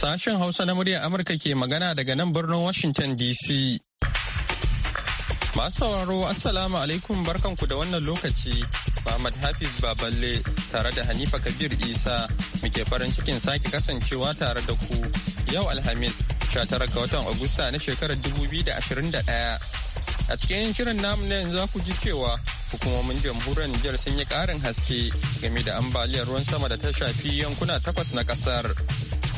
Sashen Hausa na muryar Amurka ke magana daga nan birnin Washington DC. Masu sauraro Assalamu alaikum barkanku da wannan lokaci. Muhammad Hafiz Baballe tare da Hanifa Kabir Isa muke farin cikin sake kasancewa tare da ku yau Alhamis 19 ga watan Agusta na shekarar 2021. A cikin shirin namu na yanzu ku ji cewa hukumomin jamhuriyar Nijar sun yi ƙarin haske game da ambaliyar ruwan sama da ta shafi yankuna takwas na ƙasar.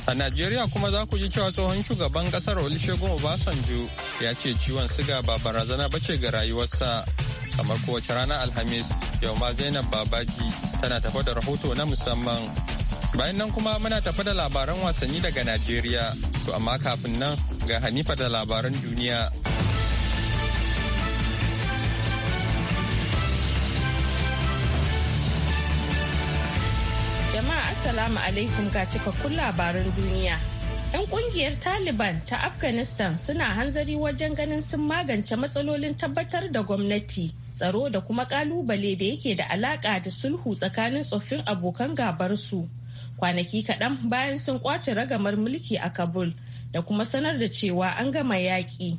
A Najeriya kuma za ku ji cewa tsohon shugaban kasar Olusegun Obasanjo ya ce ciwon siga ba barazana ba ce ga rayuwarsa. Kamar kowace ranar Alhamis, yau ma Zainab Babaji tana tafa da rahoto na musamman. Bayan nan kuma muna tafa da labaran wasanni daga Najeriya, to amma kafin nan ga Hanifa da labaran duniya. Jama'a Assalamu alaikum ga cikakkun labaran duniya. 'Yan kungiyar Taliban ta Afghanistan suna hanzari wajen ganin sun magance matsalolin tabbatar da gwamnati, tsaro da kuma kalubale da yake da alaka da sulhu tsakanin tsoffin abokan gabarsu. Kwanaki kaɗan bayan sun kwace ragamar mulki a Kabul da kuma sanar da cewa an gama yaƙi.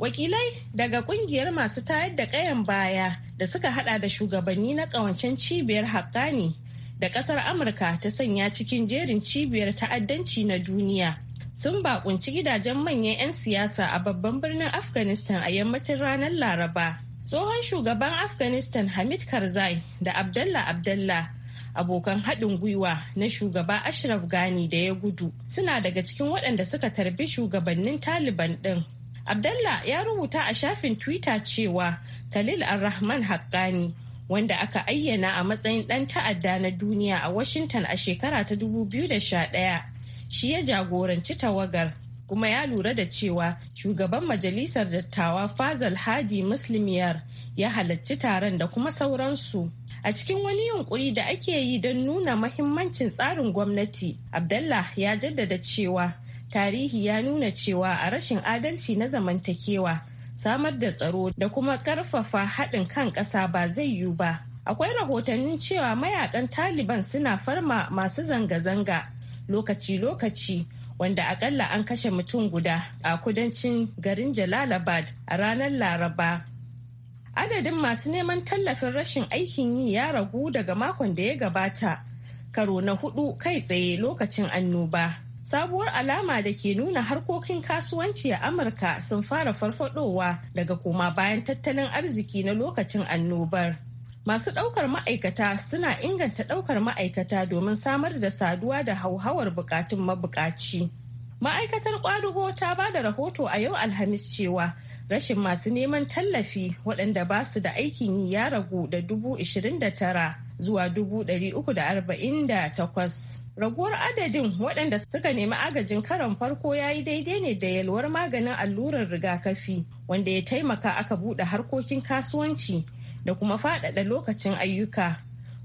Wakilai daga kungiyar masu tayar da ƙayan baya da suka haɗa da shugabanni na ƙawancen cibiyar ne. da kasar amurka ta sanya cikin jerin cibiyar ta'addanci na duniya sun bakunci gidajen manyan 'yan siyasa a babban birnin afghanistan a yammacin ranar laraba tsohon shugaban afghanistan hamid karzai da abdallah abdallah abokan haɗin gwiwa na shugaba ashraf gani da ya gudu suna daga cikin waɗanda suka tarbi shugabannin taliban ɗin abdallah ya rubuta a shafin twitter cewa khalil ar rahman haqqani wanda aka ayyana a matsayin ɗan ta'adda na duniya a Washington a shekara ta 2011 shi ya jagoranci tawagar kuma ya lura da cewa shugaban majalisar dattawa Fazal Hadi Muslimiyar ya halarci taron da kuma sauransu. A cikin wani yunkuri da ake yi don nuna mahimmancin tsarin gwamnati, Abdallah ya jaddada cewa tarihi ya nuna cewa a rashin adalci na zamantakewa samar da tsaro da kuma ƙarfafa haɗin kan ƙasa ba zai yiwu ba. Akwai rahotannin cewa mayakan Taliban suna farma masu zanga-zanga lokaci-lokaci wanda akalla an kashe mutum guda a kudancin garin Jalalabad a ranar Laraba. adadin masu neman tallafin rashin aikin yi ya ragu daga makon da ya gabata karo na hudu kai tsaye lokacin annoba sabuwar alama da ke nuna harkokin kasuwanci a amurka sun fara farfadowa daga koma bayan tattalin arziki na lokacin annobar masu ɗaukar ma'aikata suna inganta ɗaukar ma'aikata domin samar da saduwa da hauhawar bukatun mabukaci ma'aikatar kwadugo ta ba da rahoto a yau alhamis cewa rashin masu neman tallafi waɗanda ba su da aikin yi ya ragu da dubu tara zuwa dubu uku da da takwas. Raguwar adadin waɗanda suka nemi agajin karon farko ya yi daidai ne da yalwar maganin allurar rigakafi wanda ya taimaka aka buɗe harkokin kasuwanci da kuma faɗaɗa lokacin ayyuka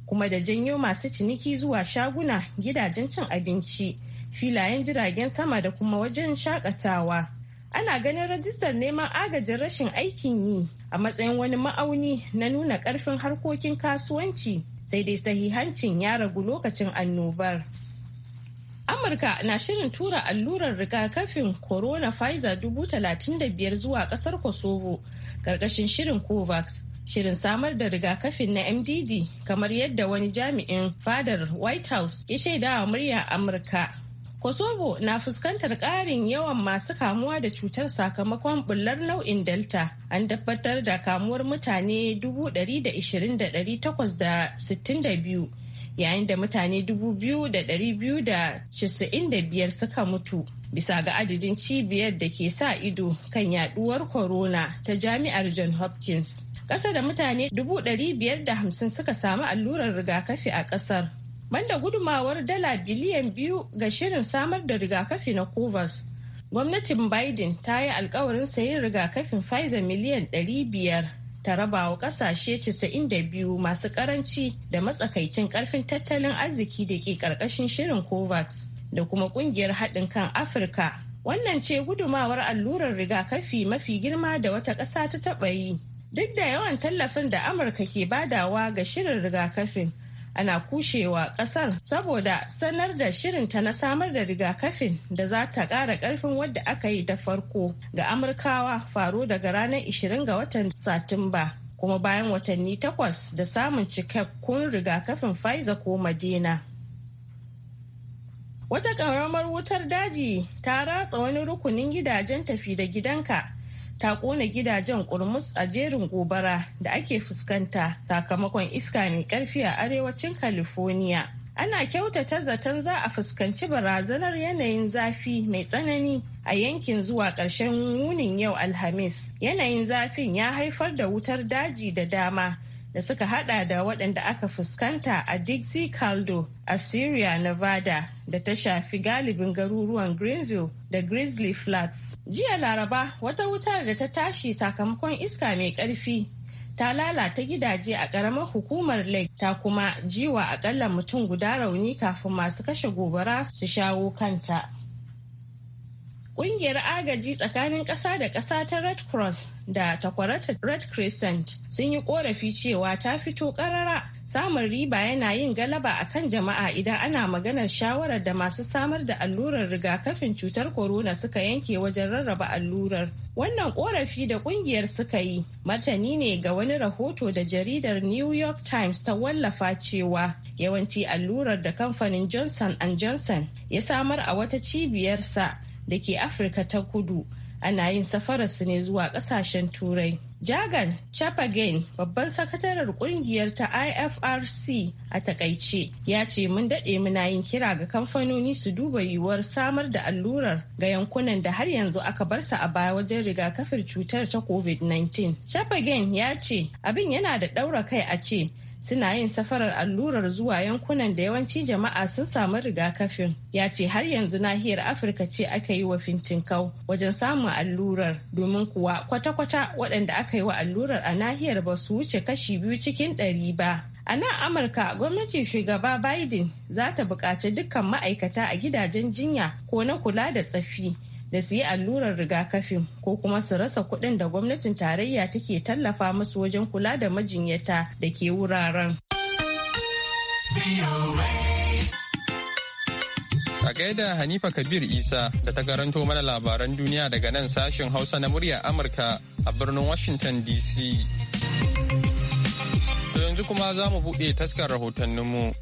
kuma da janyo masu ciniki zuwa shaguna gidajen cin abinci filayen jiragen sama da kuma wajen shakatawa. Ana ganin rajistar neman agajin rashin aikin yi a matsayin wani ma'auni na nuna ƙarfin harkokin kasuwanci sai dai sahihancin ya ragu lokacin annobar. Amurka na shirin tura allurar rigakafin Corona Pfizer biyar zuwa kasar Kosovo karkashin shirin COVAX. Shirin samar da rigakafin na MDD kamar yadda wani jami'in fadar White House ya shaidawa muryar Amurka. Kosovo na fuskantar ƙarin yawan masu kamuwa da cutar sakamakon bullar nau'in Delta. An tabbatar da kamuwar mutane 120,862 yayin da mutane 2,295 suka mutu. Bisa ga adadin cibiyar da ke sa ido kan yaduwar corona ta jami'ar John Hopkins. Ƙasa da mutane 550 suka samu allurar rigakafi a ƙasar. banda gudumawar dala biliyan biyu ga shirin samar da rigakafi na covax gwamnatin biden ta yi alkawarin sayin rigakafin pfizer miliyan 500 ta raba wa kasashe 92 masu karanci da matsakaicin karfin tattalin arziki da ke karkashin shirin covax da kuma kungiyar haɗin kan afirka wannan ce gudumawar allurar rigakafi mafi girma da wata ƙasa ta taɓa yi duk da yawan tallafin da amurka ke badawa ga shirin rigakafin ana kushewa kasar saboda sanar da shirinta na samar da rigakafin da za ta ƙara ƙarfin wadda aka yi da farko ga amurkawa faro daga ranar 20 ga watan satumba kuma bayan watanni takwas da samun cikakkun rigakafin pfizer ko madina wata ƙaramar wutar daji ta ratsa wani rukunin gidajen tafi da gidanka ta kona gidajen kurmus a jerin gobara da ake fuskanta sakamakon iska mai karfi a arewacin california ana kyautata zaton za a fuskanci barazanar yanayin zafi mai tsanani a yankin zuwa ƙarshen wunin yau alhamis yanayin zafin ya haifar da wutar daji da dama da suka hada da waɗanda aka fuskanta a Dixie Caldo a Syria, Nevada da ta shafi galibin garuruwan Greenville da Grizzly Flats. Jiya Laraba wata wutar da ta tashi sakamakon iska mai ƙarfi ta lalata gidaje a ƙaramar hukumar Lake ta kuma jiwa akalla mutum guda rauni kafin masu kashe gobara su shawo kanta. Ƙungiyar agaji tsakanin ƙasa da ƙasa ta Red Cross da takwarata Red Crescent sun yi korafi cewa ta fito karara samun riba yana yin galaba a kan jama'a idan ana maganar shawarar da masu samar da allurar rigakafin cutar corona suka yanke wajen rarraba allurar. Wannan korafi da kungiyar suka yi matani ne ga wani rahoto da jaridar New York Times ta wallafa cewa yawanci allurar da kamfanin Johnson Johnson ya samar a wata cibiyarsa da ke Afirka ta kudu. ana yin safararsu ne zuwa kasashen turai jagan chapagain babban sakataren kungiyar ta ifrc a takaice ya ce mun daɗe muna yin kira ga kamfanoni su duba yiwuwar samar da allurar ga yankunan da har yanzu aka bar sa a baya wajen rigakafin cutar ta covid-19 chapagain ya ce abin yana da ɗaura kai a ce suna yin safarar allurar zuwa yankunan da yawanci jama'a sun samu rigakafin ya ce har yanzu nahiyar afirka ce aka yi wa fintinkau wajen samun allurar domin kuwa kwata-kwata waɗanda aka yi wa allurar a nahiyar ba su wuce kashi biyu cikin ɗari ba A nan Amurka gwamnati shugaba Biden za ta buƙaci dukkan ma'aikata a gidajen jinya ko na kula da tsafi da su yi allurar rigakafin ko kuma su rasa kuɗin da gwamnatin tarayya take tallafa musu wajen kula da majinyata da ke wuraren. A gaida Hanifa Kabir Isa da ta garanto mana labaran duniya daga nan sashen Hausa na murya Amurka a birnin Washington DC. To yanzu kuma za mu buɗe taskar rahotanninmu.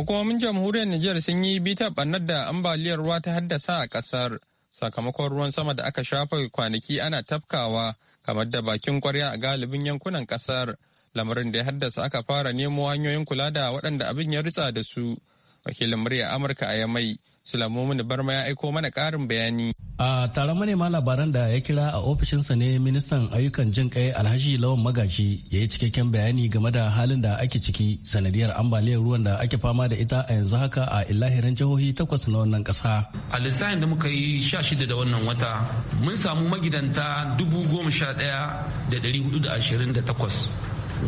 Hukumomin jamhuriyar Nijar sun yi bitar ɓannar da ambaliyar ruwa ta haddasa a ƙasar. sakamakon ruwan sama da aka shafa kwanaki ana tafkawa kamar da bakin kwarya a galibin yankunan kasar lamarin da ya haddasa aka fara nemo hanyoyin kula da waɗanda abin ya ritsa da su wakilin murya amurka a yamai sulamu Sulamomin Barma ya aiko mana karin bayani. A taron manema labaran da ya kira a ofishinsa ne ministan ayyukan jin kai Alhaji Lawan Magaji ya yi cikakken bayani game da halin da ake ciki sanadiyar ambaliyar ruwan da ake fama da ita a yanzu haka a ilahirin jihohi takwas na wannan kasa. A lissafin da muka yi sha shida da wannan wata mun samu magidanta dubu goma sha ɗaya da ɗari hudu da ashirin da takwas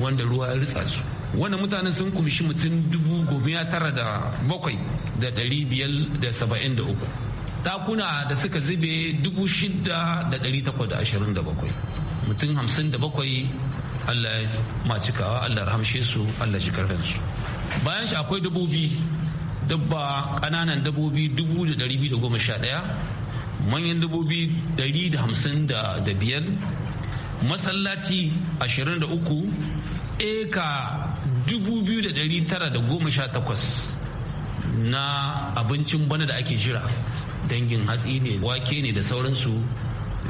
wanda ruwa ya ritsa su. wannan mutanen sun kumshi mutum dubu goma tara da bakwai da dari biyar da saba'in da uku dakuna da suka zube dubu shida da dari takwas da ashirin da bakwai mutum hamsin da bakwai allah ya macikawa allah rahamshe su allah shi su bayan shi akwai dabbobi dabba ƙananan dabbobi dubu da dari biyu da goma sha ɗaya manyan dabbobi dari da hamsin da da biyar masallaci ashirin da uku eka takwas na abincin bana da ake jira dangin hatsi ne wake ne da sauransu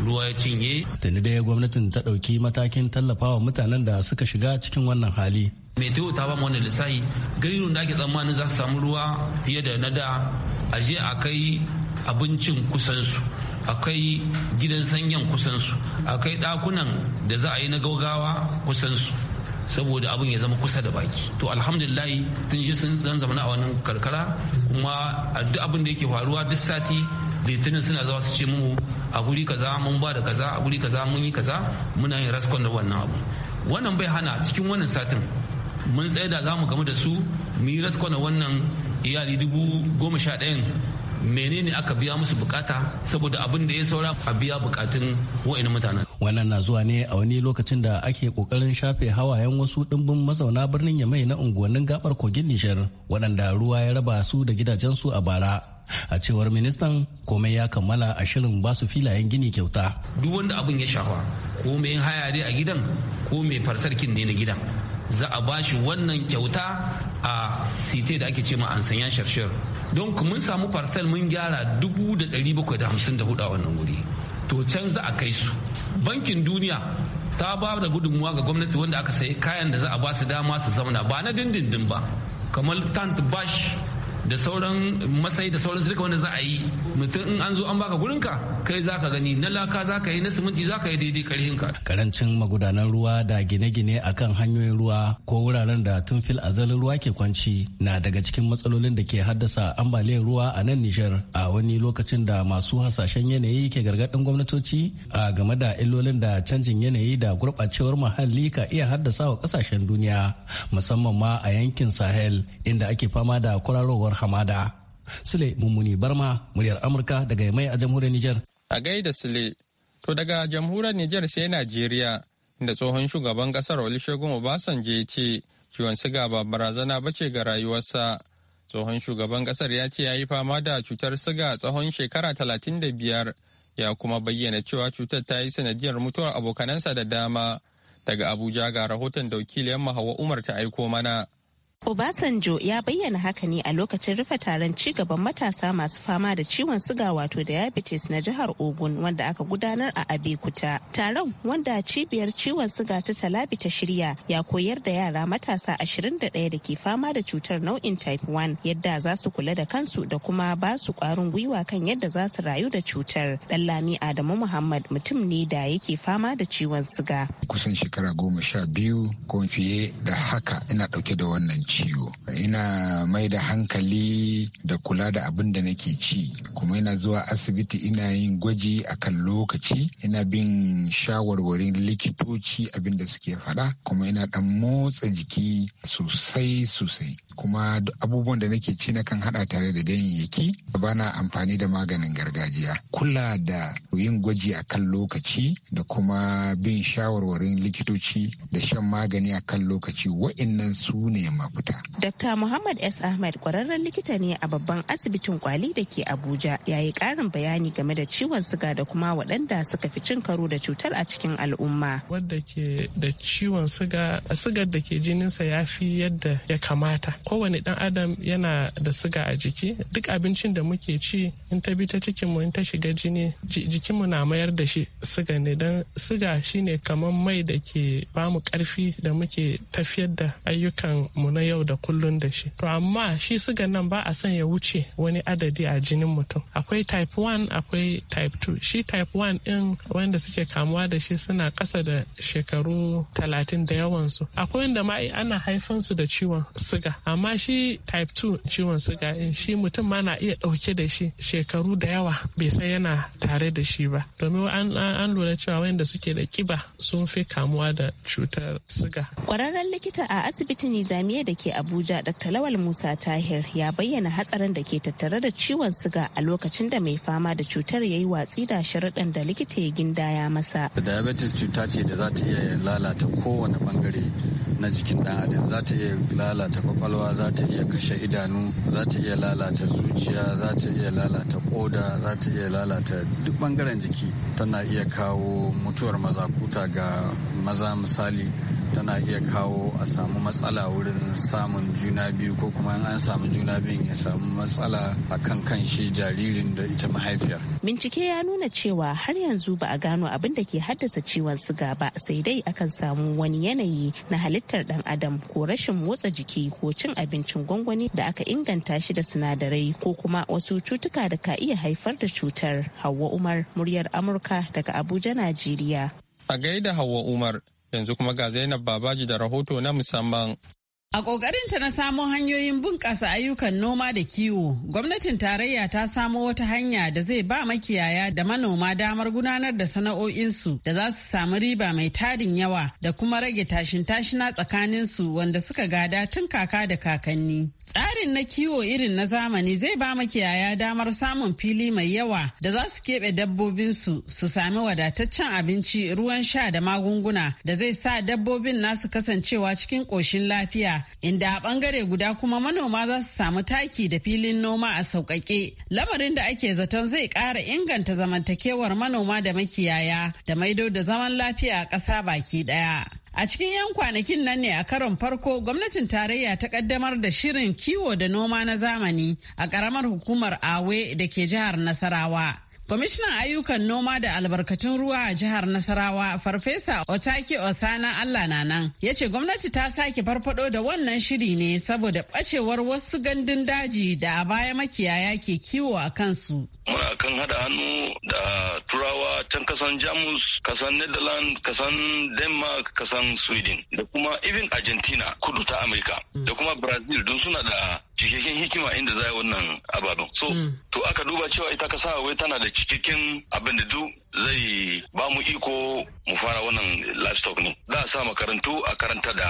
ruwa ya cinye. Tuni dai gwamnatin ta ɗauki matakin tallafawa mutanen da suka shiga cikin wannan hali. Meteo ta ba wannan lissahi gari da ake tsammanin za su samu ruwa fiye da na da a je a kai abincin kusansu akwai gidan sanyan kusansu akwai ɗakunan da za a yi na gaugawa kusansu saboda abin ya zama kusa da baki to alhamdulillah sun ji sun zan zama a wannan karkara kuma duk abin da yake faruwa duk sati litinin suna zawa su ce mu a guri kaza mun ba da kaza a guri kaza mun yi kaza muna yin raskon da wannan abu wannan bai hana cikin wannan satin mun tsaye da za mu gamu da su mu yi raskon da wannan iyali dubu goma sha ɗayan menene aka biya musu bukata saboda abin da ya saura a biya bukatun wa'in mutanen wannan na zuwa ne a wani lokacin da ake kokarin shafe hawayen wasu dimbin mazauna birnin yamai na unguwannin gabar kogin nishar waɗanda ruwa ya raba su da gidajensu a bara a cewar ministan komai ya kammala a shirin basu filayen gini kyauta duk wanda abin ya shafa ko mai haya a gidan ko mai farsarkin ne na gidan za a bashi wannan kyauta a site da ake ce ma an sanya sharshar don mun samu parcel mun gyara 754 a wannan wuri to can za a kai su bankin duniya ta ba da gudunmuwa ga gwamnati wanda aka sayi kayan da za a ba su dama su zauna ba na dindindin ba kamar tant bash da sauran masai da sauran sirka wanda za a yi mutum in an zo an baka gurinka kai za ka gani na laka za ka yi na siminti za ka yi daidai karhin ka. Karancin magudanan ruwa da gine-gine akan hanyoyin ruwa ko wuraren da tun fil azalin ruwa ke kwanci na daga cikin matsalolin da ke haddasa ambaliyar ruwa a nan Nijar a wani lokacin da masu hasashen yanayi ke gargaɗin gwamnatoci a game da illolin da canjin yanayi da gurɓacewar muhalli ka iya haddasa wa ƙasashen duniya musamman ma a yankin Sahel inda ake fama da kwararowar hamada. Sule Mummuni Barma, muryar Amurka daga mai a jamhuriyar Nijar. A gaida Sule, to daga jamhuriyar Nijar sai Najeriya, inda tsohon shugaban kasar Olusegun Obasanjo ya ce ciwon siga ba barazana ba ce ga rayuwarsa. Tsohon shugaban kasar ya ce ya yi fama da cutar siga tsawon shekara talatin da biyar, ya kuma bayyana cewa cutar ta yi sanadiyar mutuwar abokanansa da dama. Daga Abuja ga rahoton da wakiliyar Hawa Umar ta aiko mana. Obasanjo ya bayyana haka ne a lokacin rufe taron ci gaban matasa masu fama da ciwon siga wato diabetes na jihar Ogun wanda aka gudanar a Abeokuta. Taron wanda cibiyar ciwon siga ta Talabi ta shirya ya koyar da yara matasa 21 da ke fama da cutar nau'in type 1 yadda za su kula da kansu da kuma ba su kwarin gwiwa kan yadda za su rayu da cutar. Lami Adamu Muhammad mutum ne da yake fama da ciwon siga. Kusan shekara goma sha biyu ko fiye da haka ina ɗauke da wannan ciwo ina mai da hankali da kula da abin da nake ci kuma ina zuwa asibiti ina yin gwaji a kan lokaci ina bin shawarwarin likitoci abin da suke faɗa kuma ina ɗan motsa jiki sosai sosai kuma abubuwan da nake ci nakan hada tare da ganyayyaki ba bana amfani da maganin gargajiya kula da yin gwaji a kan lokaci da kuma bin shawarwarin likitoci da shan magani a kan lokaci wa'innan su ne mafita dr muhammad s Ahmed kwararren likita ne a babban asibitin kwali da ke abuja ya yi karin bayani game da ciwon siga da kuma waɗanda suka fi cin karo da cutar a cikin al'umma wadda ke da ciwon siga sigar da ke jininsa ya fi yadda ya kamata kowane dan adam yana da siga a jiki duk abincin da muke ci in ta bi ta cikin mu in ta shiga jini jikin mu na mayar da shi siga ne dan siga shine kamar mai da ke bamu karfi da muke tafiyar da ayyukan mu na yau da kullun da shi to amma shi siga nan ba a son ya wuce wani adadi a jinin mutum akwai type 1 akwai type 2 shi type 1 din wanda suke kamuwa da shi suna kasa da shekaru talatin da yawansu akwai wanda ma ana haifansu da ciwon siga amma shi type 2 ciwon suga shi mutum ma na iya ɗauke da shi shekaru da yawa bai san yana tare da shi ba domin an lura cewa wanda suke da kiba sun fi kamuwa da cutar suga kwararren likita a asibitin nizamiya da ke abuja dr lawal musa tahir ya bayyana hatsarin da ke tattare da ciwon suga a lokacin da mai fama da cutar ya yi watsi da sharuɗan da likita ya gindaya masa diabetes cuta ce da za ta iya lalata kowane bangare na jikin ɗan adam za ta iya lalata kwakwalwa gudawa za ta iya kashe idanu za ta iya lalata zuciya za ta iya lalata koda za ta iya lalata duk bangaren jiki tana iya kawo mutuwar mazakuta ga maza misali tana iya kawo a samu matsala wurin samun juna biyu ko kuma an samu juna biyun ya samu matsala a kan kan shi jaririn da ita mahaifiyar. Bincike ya nuna cewa har yanzu ba a gano abin da ke haddasa ciwon siga ba sai dai akan samu wani yanayi na halittar dan adam ko rashin motsa jiki ko cin abincin gwangwani da aka inganta shi da sinadarai ko kuma wasu cutuka da ka iya haifar da cutar. Hauwa Umar, muryar Amurka daga Abuja, Najeriya. A gaida Hauwa Umar, Yanzu kuma ga Zainab Babaji da rahoto na musamman. A ƙoƙarinta na samo hanyoyin bunƙasa ayyukan noma da kiwo, gwamnatin tarayya ta samo wata hanya da zai ba makiyaya da manoma damar gudanar da sana'o'insu da za su samu riba mai tarin yawa da kuma rage tashin tashina tsakaninsu wanda suka gada tun kaka da kakanni. Tsarin na kiwo irin na zamani zai ba makiyaya damar samun fili mai yawa da za su keɓe dabbobinsu su sami wadataccen abinci, ruwan sha da magunguna da zai sa dabbobin nasu kasancewa cikin ƙoshin lafiya, inda a ɓangare guda kuma manoma za su samu taki da filin noma a sauƙaƙe. Lamarin da ake zaton zai ƙara inganta zamantakewar manoma da makiyaya da maido da zaman lafiya a ƙasa baki ɗaya. A cikin 'yan kwanakin nan ne a karon farko gwamnatin tarayya ta kaddamar da shirin kiwo da noma na zamani a ƙaramar hukumar Awe da ke jihar Nasarawa. Kwamishinan ayyukan noma da albarkatun ruwa a jihar Nasarawa Farfesa Otake Osana Allah na nan ya ce gwamnati ta sake farfado da wannan shiri ne saboda bacewar wasu gandun daji da a baya makiyaya ke kiwo a kansu. Muna kan hada hannu da turawa can kasan Jamus, kasan Netherlands, kasan Denmark, kasan Sweden da kuma even Argentina kudu ta Amerika mm. da kuma Brazil don suna da cikakken hikima inda za wannan ababen. So, mm. to aka duba cewa ita kasa wai tana da cikakken abin da duk zai ba mu iko mu fara wannan livestock ne za a sa makarantu a karanta da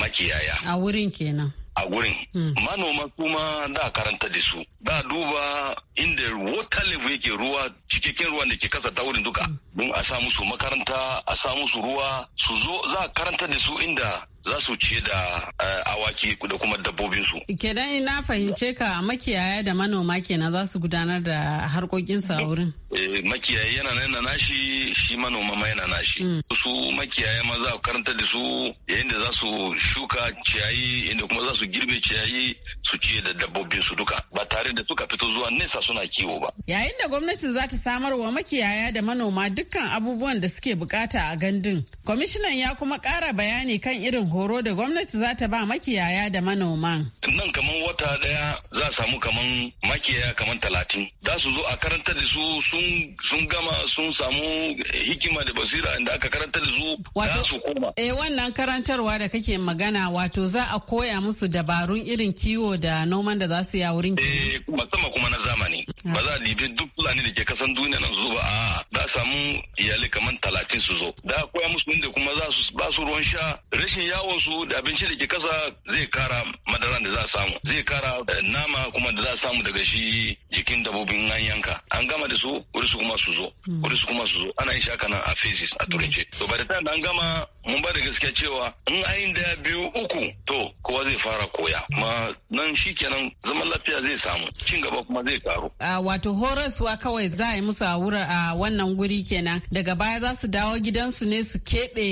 makiyaya a wurin kenan a gurin hmm. manoma kuma da karanta da su da duba inda water level yake ruwa cikakken ruwan da ke kasa ta wurin duka hmm. don a sa musu makaranta a sa musu ruwa su zo za a karanta da su inda za su ce da eh, awaki da kuma dabbobinsu. Kedan na fahimce ka makiyaya da manoma kenan za su gudanar da harkokinsu a wurin. Eh, makiyayi yana nan nashi shi manoma ma yana nashi mm. su makiyaya maza za a karanta da su yayin da za su shuka ciyayi inda kuma za su girbe ciyayi su ciye da dabbobin su duka ba tare da suka fito zuwa nesa suna kiwo ba yayin da gwamnati za ta samar wa makiyaya da manoma dukkan abubuwan da suke bukata a gandun kwamishinan ya kuma kara bayani kan irin horo da gwamnati za ta ba makiyaya da manoma nan kaman wata daya za samu kaman makiyaya kaman talatin za su zo a karanta da su sun sun gama sun samu hikima da basira da aka karanta da su za su koma. Eh wannan karantarwa da kake magana wato za a koya musu dabarun irin kiwo da noman da za su yi a wurin kiwo. Eh sama kuma na zamani. Ba za a dibi duk fulani da ke kasan duniya nan ba a za a samu iyali kamar talatin su zo. Da a koya musu inda kuma za su ba su ruwan sha rashin yawon su da abinci da ke kasa zai kara madaran da za a samu. Zai kara eh, nama kuma da za a samu daga shi jikin dabobin an yanka. An gama da su wuri su kuma su zo wuri su kuma su zo ana yin shaka nan a phases a turance mm. to ba da ta an gama mun ba da gaskiya cewa in ayin da biyu uku to kowa zai fara koya ma nan kenan zaman lafiya zai samu cin gaba kuma zai karu a wato horaswa kawai za a yi musu a wurin a wannan guri kenan daga baya za su dawo gidansu ne su keɓe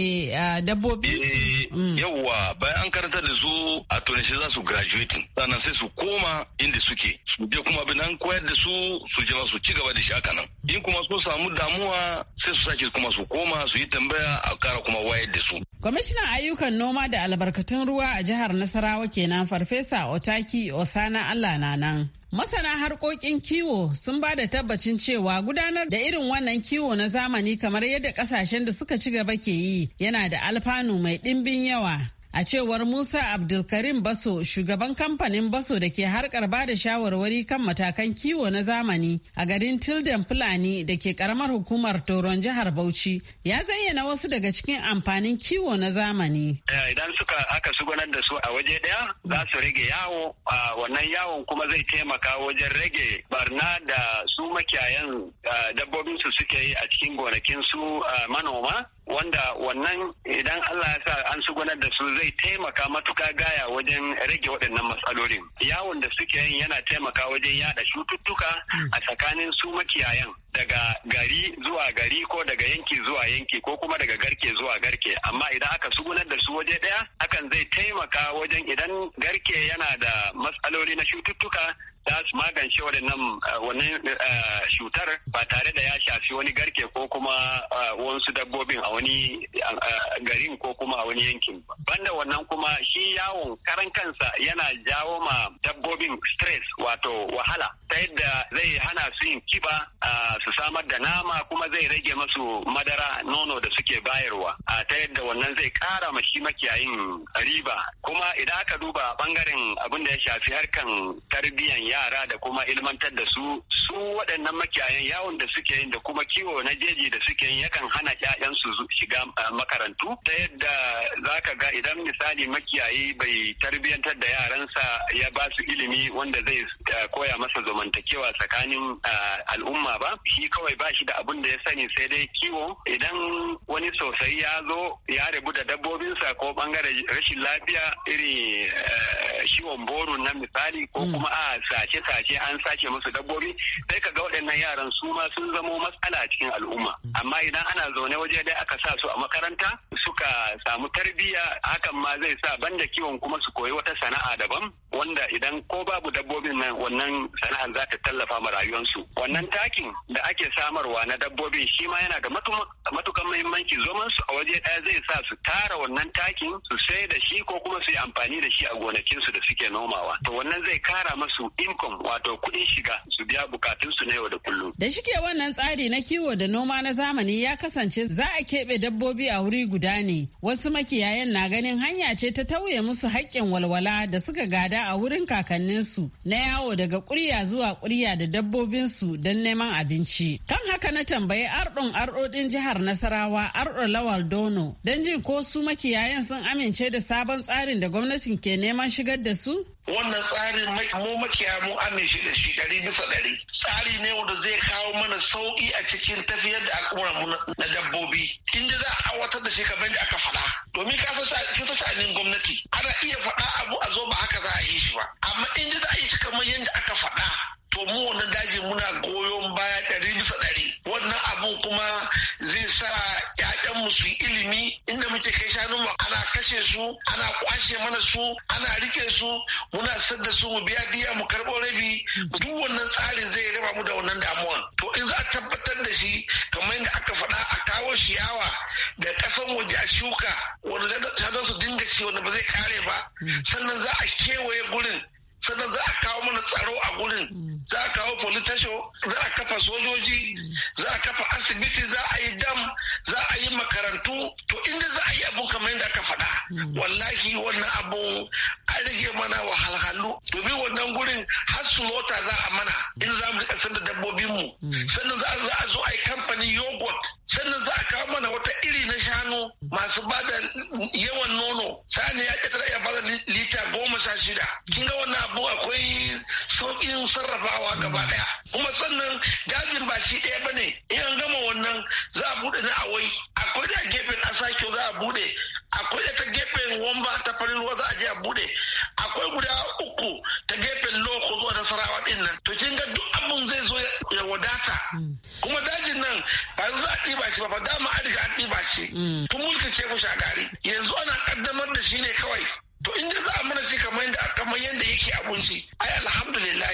dabbobi eh, mm. yawwa bayan an karanta da su a turance za su graduating sannan sai su koma inda suke su je kuma bin an koyar da su su je su ci gaba da shi nan in kuma su samu damuwa sai su sake kuma su koma su yi tambaya a kara kuma wayar da su kwamishinan ayyukan noma da albarkatun ruwa a jihar nasarawa kenan farfesa otaki osana allah na nan Masana harkokin kiwo sun ba da tabbacin cewa gudanar da irin wannan kiwo na zamani kamar yadda kasashen da suka ci gaba ke yi yana da alfanu mai ɗimbin yawa. A cewar Musa Abdulkarim Baso, shugaban kamfanin Baso da ke harkar ba da shawarwari kan matakan kiwo na zamani a garin Tilden Fulani da ke karamar hukumar Toron jihar Bauchi, ya zayyana wasu daga cikin amfanin kiwo na zamani. Eh, idan suka aka sugunar da su a waje daya za su rage yawo, a wannan yawon kuma zai taimaka wajen rage barna da su makiyayan eh, dabbobin su suke yi a cikin gonakin su eh, manoma. wanda wannan idan Allah ya sa an sugunar da su zai taimaka matuka gaya wajen rage waɗannan matsalolin yawon da suke yin yana taimaka wajen yada cututtuka a tsakanin su makiyayan daga gari zuwa gari ko daga yanki zuwa yanki ko kuma daga garke zuwa garke amma idan aka sugunar da su waje ɗaya hakan zai taimaka wajen idan garke yana da matsaloli na cututtuka za su magance waɗannan eh, wannan eh, cutar ba tare da ya shafi wani garke ko kuma eh, wasu dabbobin a wani garin ko kuma a wani yankin ba. Banda wannan kuma shi yawon karan kansa yana jawo ma dabbobin stress wato wahala ta yadda zai hana su yin kiba su samar da nama kuma zai rage masu madara nono da suke bayarwa ta yadda wannan zai kara ma shi makiyayin riba kuma idan aka duba bangaren abin da ya shafi harkan tarbiyyan yara da kuma ilmantar da su su waɗannan makiyayan yawon da suke yin da kuma kiwo na jeji da suke yin yakan hana ƴaƴan shiga ah, makarantu ta yadda zaka ga idan misali makiyayi bai tarbiyantar da yaransa ya ba su ilimi wanda zai ah, koya masa zamantakewa tsakanin ah, al'umma ba shi kawai ba shi da abun da ya sani sai dai kiwo idan wani sosai ya zo ya rabu da dabbobinsa ko bangare rashin lafiya irin eh, ciwon boro na misali ko mm. kuma a sace-sace an sace musu dabbobi sai ka ga waɗannan yaran su ma sun zamo matsala a cikin al'umma amma idan ana zaune waje dai aka sa su a makaranta suka samu tarbiyya hakan ma zai sa banda kiwon kuma su koyi wata sana'a daban wanda idan ko babu dabbobin nan wannan sana'ar za ta tallafa ma rayuwarsu wannan takin da ake samarwa na dabbobi. shi ma yana da matukan muhimmanci zoman su a waje ɗaya zai sa su tara wannan takin su sai da shi ko kuma su yi amfani da shi a gonakinsu da suke nomawa to wannan zai kara masu in income wato kuɗin shiga su biya bukatunsu na yau da kullum. Da shike wannan tsari na kiwo da noma na zamani ya kasance za a keɓe dabbobi a wuri guda ne. Wasu makiyayan na ganin hanya ce ta tauye musu haƙƙin walwala da suka gada a wurin kakanninsu na yawo daga ƙurya zuwa ƙurya da dabbobinsu don neman abinci. Kan haka na tambayi arɗon arɗoɗin jihar Nasarawa arɗo Lawal Dono don jin ko su makiyayan sun amince da sabon tsarin da gwamnatin ke neman shigar da su wannan tsarin mu makiya mu amince da shi ɗari bisa ɗari tsari ne wanda zai kawo mana sauki a cikin tafiyar da al'umma mu na dabbobi da za a awatar da shi kamar da aka faɗa domin ka san sha'anin gwamnati ana iya faɗa abu a zo ba haka za a yi shi ba amma da za a yi shi kamar yadda aka faɗa to mu wannan daji muna goyon baya ɗari bisa ɗari wannan abu kuma zai sa mu su yi ilimi inda muke kai shanu ma. ana kashe su ana kwashe mana su ana rike su muna da su mu biya diya mu karɓo rabi duk wannan tsarin zai raba mu da wannan damuwan to in za a tabbatar da shi kamar yadda aka faɗa a kawo ciyawa da ƙasan waje a shuka wanda za su dinga ci wanda ba zai kare ba sannan za a kewaye gurin sannan za a kawo mana tsaro a gurin za a kawo politasho za a kafa sojoji za a kafa asibiti za a yi dam za a yi makarantu to inda za a yi abu kamar yadda aka faɗa wallahi wannan abu an rage mana wahalhalu domin wannan gurin har su lota za a mana in za mu rika sanda dabbobinmu sannan za a zo a yi kamfanin yogurt sannan za a kawo mana wata iri na shanu masu ba da yawan nono sani ya ƙetare ya ba da lita goma sha shida kin ga wannan abu akwai sauƙin sarrafawa gaba ɗaya kuma sannan dajin ba shi ɗaya bane in gama wannan za a buɗe na awai akwai da gefen asakiyo za a buɗe akwai da ta gefen wamba ta farin ruwa za a je a buɗe akwai guda uku ta gefen loko zuwa da sarawa ɗin nan to kin ga duk abun zai zo ya wadata mm. kuma dajin nan ba za a ɗiba shi ba ba dama an riga an ɗiba shi mm. tun mulki ce ku shagari yanzu ana ƙaddamar da shi ne kawai to inda za a mana shi kamar yadda kamar yadda yake abinci ai alhamdulillah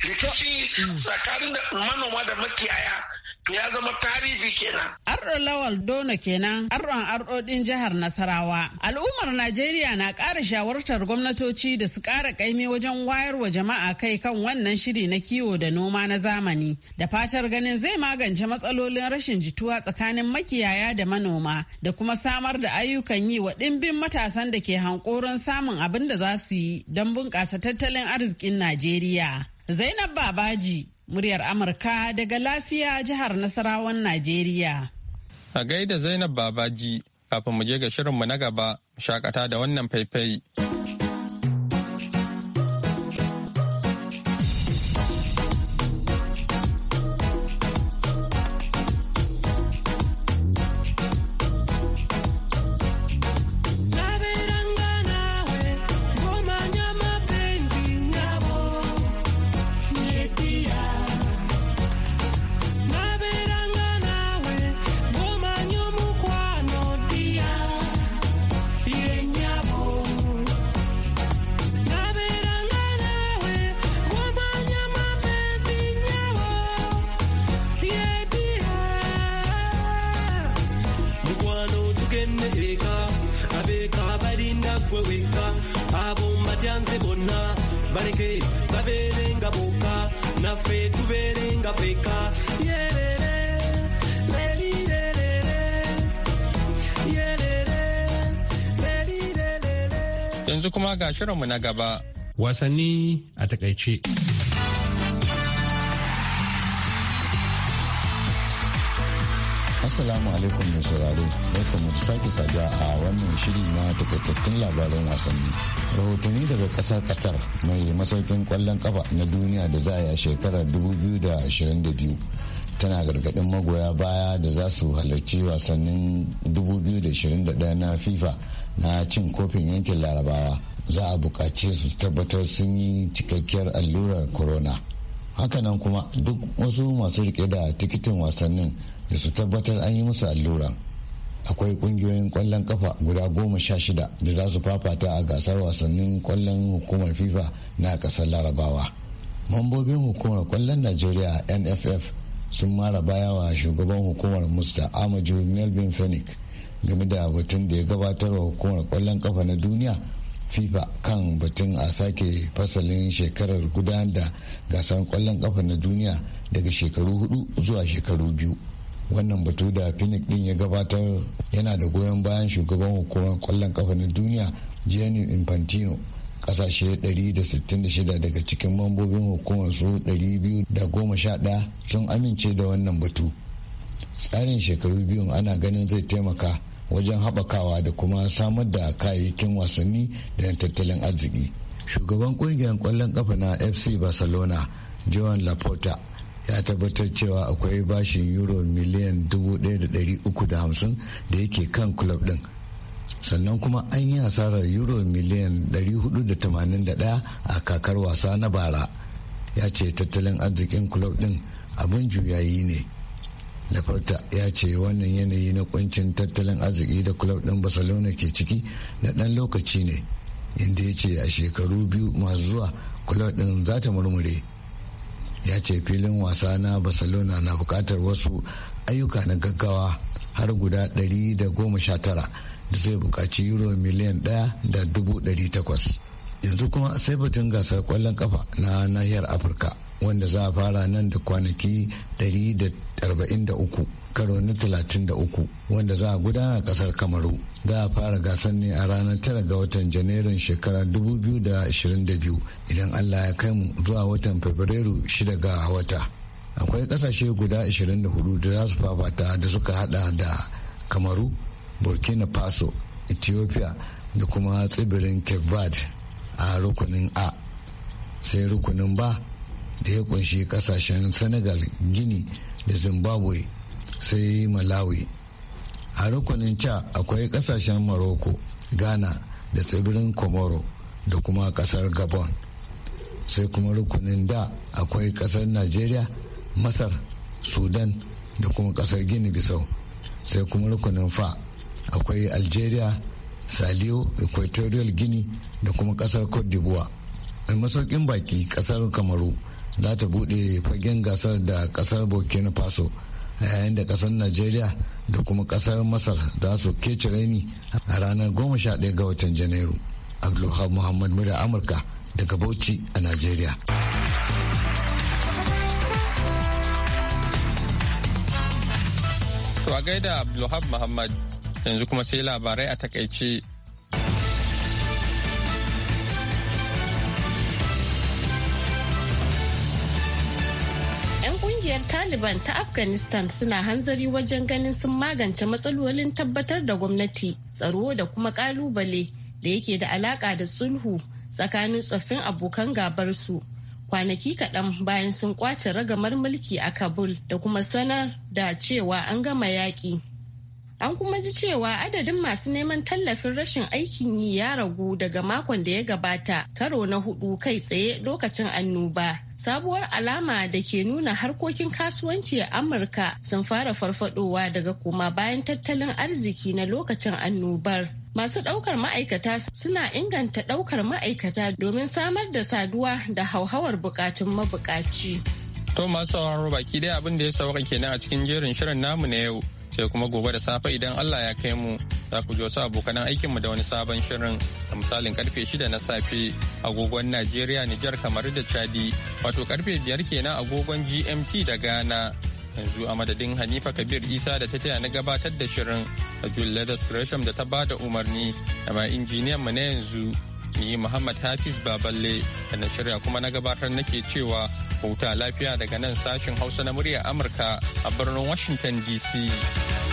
rikici mm. tsakanin manoma da makiyaya ya zama tarihi kenan. Arro Lawal Dono kenan, arron arɗoɗin jihar Nasarawa. Al'ummar Najeriya na ƙara shawartar gwamnatoci da su ƙara ƙaimi wajen wayarwa jama'a kai kan wannan shiri na kiwo da noma na zamani. Da fatar ganin zai magance matsalolin rashin jituwa tsakanin makiyaya da manoma da kuma samar da ayyukan yi wa ɗimbin matasan da ke hankoron samun abin da za su yi don bunƙasa tattalin arzikin Najeriya. Zainab Babaji, Muryar Amurka daga lafiya jihar Nasarawan Najeriya. A gaida Zainab Babaji, kafin mu je ga shirinmu na gaba, shakata da wannan faifai. nafe tuberenga peka yerere Yanzu kuma ga shirinmu na gaba. Wasanni a takaice. Assalamu alaikum mai sauraro, barkamu da sake saduwa a wannan shiri na takaitattun labaran wasanni. Rahotanni daga ƙasar Qatar mai masaukin kwallon ƙafa na duniya da za a yi a shekarar 2022 tana gargaɗin magoya baya da za su halarci wasannin 2021 na FIFA na cin kofin yankin larabawa za a buƙace su tabbatar sun yi cikakkiyar allurar corona. hakanan kuma duk wasu masu rike da tikitin wasannin da su tabbatar an yi musu alluran akwai kungiyoyin kwallon kafa guda goma sha shida da za su fafata a gasar wasannin kwallon hukumar fifa na kasar larabawa mambobin hukumar kwallon najeriya nff sun mara baya wa shugaban hukumar musta amaju melvin phoenix game da batun da ya gabatar wa hukumar kwallon kafa na duniya fifa kan batun a sake fasalin shekarar gudanar da gasar kwallon kafa na duniya daga shekaru hudu zuwa shekaru biyu wannan batu da phoenix din ya gabatar yana da goyon bayan shugaban hukumar kwallon kafa na duniya jenny infantino kasashe 166 daga cikin mambobin hukumar su 211 sun amince da wannan batu tsarin shekaru biyun ana ganin zai taimaka wajen haɓakawa da kuma samar da kayayyakin wasanni da tattalin arziki shugaban ƙungiyar ƙwallon kafa na fc barcelona joan laporta ya tabbatar cewa akwai bashin euro miliyan 1,350 da yake kan club din sannan kuma an yi asarar euro miliyan 481 a kakar wasa na bara ya ce tattalin arzikin club din abin juyayi ne lafarta ya ce wannan yanayi na kuncin tattalin arziki da club din barcelona ke ciki na dan lokaci ne inda ya ce a shekaru biyu masu zuwa club din za ta murmure ya ce filin wasa na barcelona na bukatar wasu ayyuka na gaggawa har guda 119 da zai bukaci euro miliyan da dubu takwas yanzu kuma sai batun gasar kwallon kafa na nahiyar afirka wanda za a fara nan da kwanaki 143 karo na 33 wanda za a gudana a kasar kamaru za a fara gasar ne a ranar tara ga watan janairun shekara 2022 idan allah ya kai mu zuwa watan fabrairu 6 ga wata akwai kasashe guda 24 da za su fafata da suka hada da kamaru burkina faso ethiopia da kuma tsibirin cape verde a rukunin a sai rukunin ba da ya kunshi kasashen senegal gini da zimbabwe sai malawi a rukunin ca akwai kasashen morocco ghana da tsibirin comoro da kuma kasar gabon sai kuma rukunin da akwai kasar nigeria masar sudan da kuma kasar gini bisau sai kuma rukunin fa akwai algeria saliyo equatorial gini da kuma kasar cote d'ivoire mai masaukin baki kasar kamaru za ta bude fagen gasar da kasar burkina faso yayin da kasar najeriya da kuma kasar masar za su kece raini a ranar goma 11 ga watan janairu abdulhab muhammad murya amurka daga bauchi a najeriya to a gaida abdulhab muhammad yanzu kuma sai labarai a takaice kungiyar Taliban ta Afghanistan suna hanzari wajen ganin sun magance matsalolin tabbatar da gwamnati, tsaro da kuma kalubale da yake da alaka da sulhu tsakanin tsoffin abokan gabarsu. Kwanaki kaɗan bayan sun kwace ragamar mulki a Kabul da kuma sanar da cewa an gama yaƙi. An kuma ji cewa adadin masu neman tallafin rashin aikin yi ya ragu daga makon da ya gabata karo na hudu kai tsaye lokacin annoba. Sabuwar alama da ke nuna harkokin kasuwanci a Amurka sun fara farfadowa daga koma bayan tattalin arziki na lokacin annobar. Masu ɗaukar ma'aikata suna inganta ɗaukar ma'aikata domin samar da saduwa da hauhawar bukatun mabukaci. To masu sauraro baki dai abin da ya sauka kenan a cikin jerin shirin namu na yau. sai kuma gobe da safe idan Allah ya kai mu za ku ji wasu abokan aikinmu da wani sabon shirin da misalin karfe shida na safe agogon Najeriya Nijar kamar da Chadi wato karfe biyar kenan agogon GMT da Ghana yanzu a madadin Hanifa Kabir Isa da ta taya na gabatar da shirin da Julius da ta ba da umarni da ma injiniyan mu na yanzu ni Muhammad Hafiz Baballe da na shirya kuma na gabatar nake cewa huta lafiya daga nan sashin Hausa na murya Amurka a birnin Washington DC.